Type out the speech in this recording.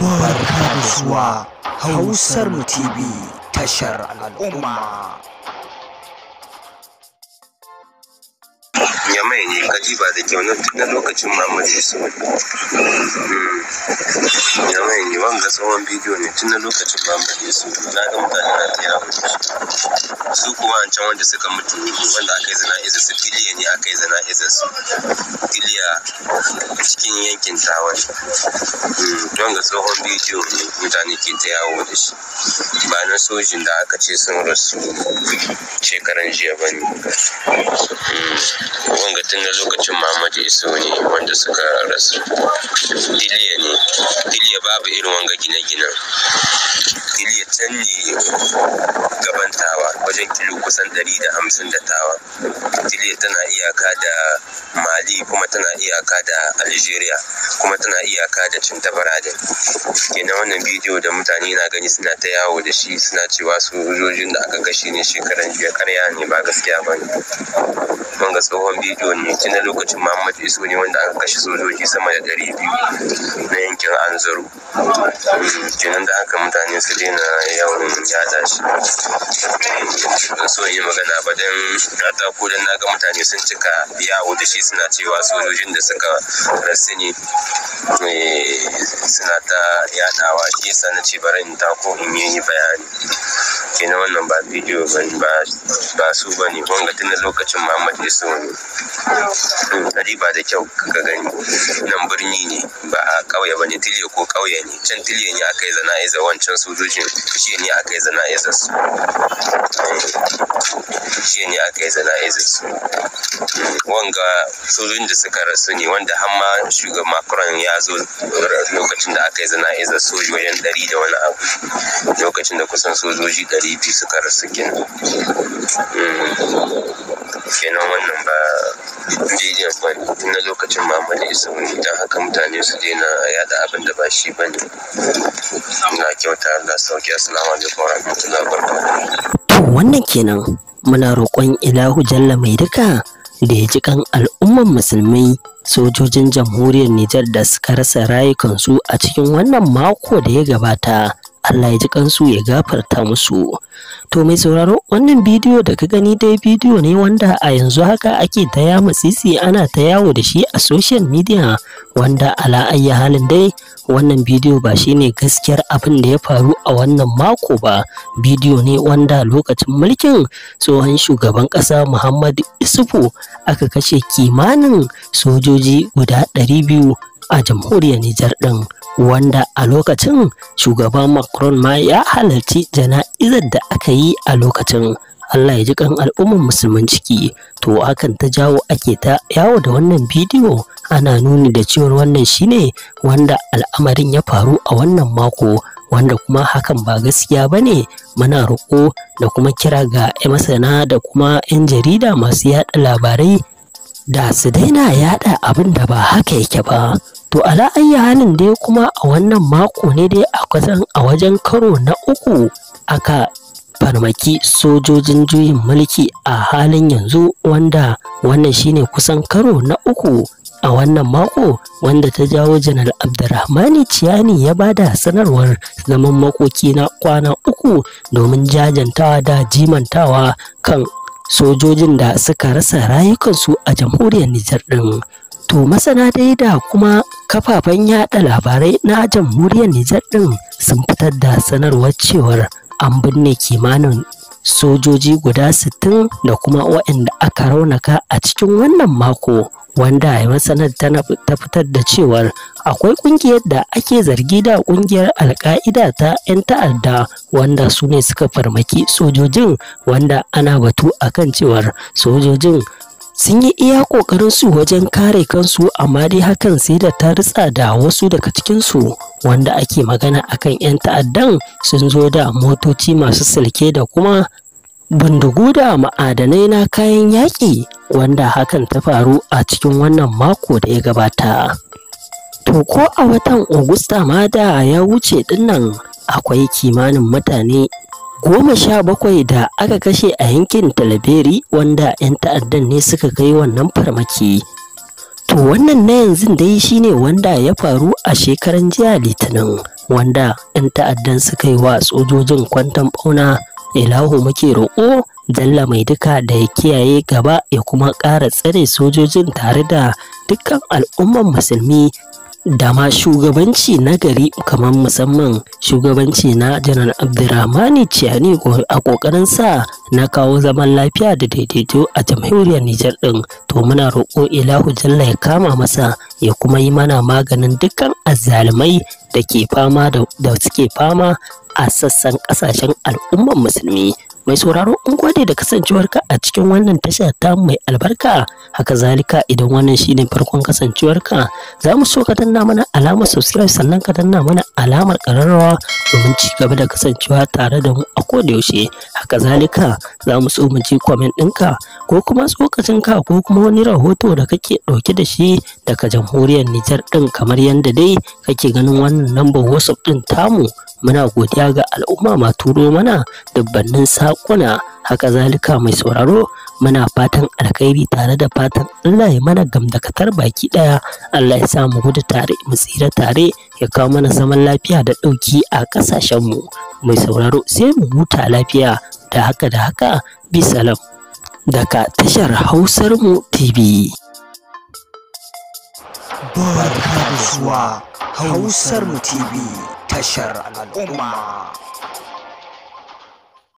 barka da zuwa hausar mu tv tashar al'umma ya mai ne kadiba da kyau na lokacin mamadi su hmm. ya mai ne wanga tsawon bidiyo ne tun na lokacin mamadi su na ga mutane na ta yawon su kuma an can wanda suka mutu wanda aka yi zana izinsu su ne aka yi zana izinsu su tiliya cikin yankin tawon hmm, don ga tsohon bidiyo ne mutane ke ta yawo da shi ba na sojin da aka ce sun rasu shekaran jiya ba ne hmm. wanga tun na lokacin Muhammadu Isu ne wanda suka rasu. Diliya ne, diliya babu irin wanga gine-ginen. kiliya can ne gaban tawa wajen kilo kusan 150 da da tawa kiliya tana iyaka da mali kuma tana iyaka da algeria kuma tana iyaka da cin cintabaradin kenan wannan bidiyo da mutane na gani suna ta yawo da shi suna cewa sojojin da aka kashe ne shekaran jiya karya ne ba gaskiya ba ne wanga tsohon bidiyo ne tun lokacin muhammadu iso ne wanda aka kashe sojoji sama da biyu. cikin anzaru kenan da haka mutane su daina yawan yada shi ban so yi magana ba don rata ko don naga mutane sun cika yawo da shi suna cewa sojojin da suka rasu ne eh, suna ta yadawa shi yasa na ce bari in tako in yi bayani sai na wannan ba bidiyo ba ba su ba ne wanga tun da lokacin muhammad isu ne tari ba da kyau ka gani nan birni ne ba a ƙauye ba ne tilye ko ƙauye ne can tilye ne aka yi zana wancan sojojin shi ne aka yi zana su shi ne aka yi jana'izar su wanga sojojin da suka rasu ne wanda hamma shugaban macron ya zo lokacin da aka yi jana'izar soji wajen ɗari da wani abu lokacin da kusan sojoji ɗari biyu suka rasu kenan mm. kenan wannan ba daidai ba na lokacin mamali isa wani don haka mutane su daina yada abin da ba shi ba ne na kyauta da sauki asalamu alaikum wa rahmatullahi wa to wannan kenan muna roƙon ilahu jalla mai duka da ya ji kan al'umman musulmai sojojin jamhuriyar Nijar da suka rasa rayukansu a cikin wannan mako da ya gabata Allah ya ji kansu ya gafarta musu. To mai sauraro wannan bidiyo da ka gani dai bidiyo ne wanda a yanzu haka ake ta yamu sisi ana ta yawo da shi a social media wanda ala ayyi halin dai wannan bidiyo ba shine gaskiyar abin da ya faru a wannan mako ba bidiyo ne wanda lokacin mulkin tsohon shugaban ƙasa muhammadu isufu aka kashe kimanin sojoji guda 200 a jamhuriyar nijar ɗin wanda a lokacin shugaban macron ma ya halarci jana'izar da aka yi a lokacin Allah ya ji kan al'ummar Musulman ciki to hakan ta jawo ake ta yawo da wannan bidiyo ana nuni da cewa wannan shine wanda al'amarin ya faru a wannan mako wanda kuma hakan ba gaskiya bane ne muna da kuma kira ga masana da kuma 'yan jarida masu yaɗa labarai da su daina yaɗa abin da ba haka yake ba to a ayyi halin dai kuma a wannan mako ne dai a kusan a wajen karo na uku aka farmaki sojojin juyin mulki a halin yanzu wanda wannan shine kusan karo na uku a wannan mako wanda ta jawo janar abdurrahmani ciyani ya bada sanarwar zaman makoki na kwana uku domin jajantawa da jimantawa kan sojojin da suka rasa rayukansu a jamhuriyar nijar ɗin. to masana dai da kuma kafafen yada labarai na jamhuriyar nijar ɗin sun fitar da sanarwar cewar an binne kimanin sojoji guda sittin da kuma waɗanda aka raunaka a cikin wannan mako wanda ya masanar ta fitar da cewar akwai ƙungiyar da ake zargi da ƙungiyar alka'ida ta 'yan ta'adda wanda su ne suka farmaki sojojin wanda ana batu akan cewar sojojin sun yi iya ƙoƙarin su wajen kare kansu amma dai hakan sai da ta ritsa da wasu daga cikinsu wanda ake magana akan 'yan ta'addan sun zo da motoci masu silke da kuma bindigu da ma'adanai na kayan yaƙi wanda hakan ta faru a cikin wannan mako da ya gabata. To ko a watan Ogusta ma da ya wuce dinnan akwai kimanin mutane goma sha bakwai da aka kashe a yankin talaberi wanda 'yan ta'addan ne suka kai wannan farmaki to wannan na yanzu dai shine wanda ya faru a shekaran jiya litinin wanda 'yan ta'addan suka yi wa sojojin kwantan bauna ilahu muke roƙo jalla mai duka da ya kiyaye gaba ya kuma ƙara tsare sojojin tare da dukkan al'umman musulmi Da ma shugabanci na gari kamar musamman shugabanci na janar abdurrahmani ciyani a kokarin sa na kawo zaman lafiya da daidaito a jamhuriyar nijar din to muna roƙo ilahu jalla ya kama masa ya kuma yi mana maganin dukkan azzalumai da ke fama da suke fama a sassan kasashen al'ummar musulmi mai sauraro in gode da kasancewarka a cikin wannan tasha ta mai albarka haka zalika idan wannan shine farkon kasancewarka za mu so ka danna mana alamar subscribe sannan ka danna mana alamar kararrawa domin ci gaba da kasancewa tare da mu a koda yaushe haka zalika za mu so mu ji comment ɗinka ko kuma tsokacin ka ko kuma wani rahoto da kake ɗauke da shi daga jamhuriyar Nijar ɗin kamar yadda dai kake ganin wannan lambar WhatsApp ɗin tamu muna godiya ga al'umma ma turo mana dubbannin sakuna haka zalika mai sauraro muna fatan alkhairi tare da fatan Allah ya mana gamdakatar baki daya Allah ya sa mu gudu tare mu tsira tare ya kawo mana zaman lafiya da ɗauki a ƙasashenmu mai sauraro sai mu huta lafiya da haka da haka bisalam daga tashar Hausar mu TV. Barka da zuwa Hausar mu TV tashar al'umma.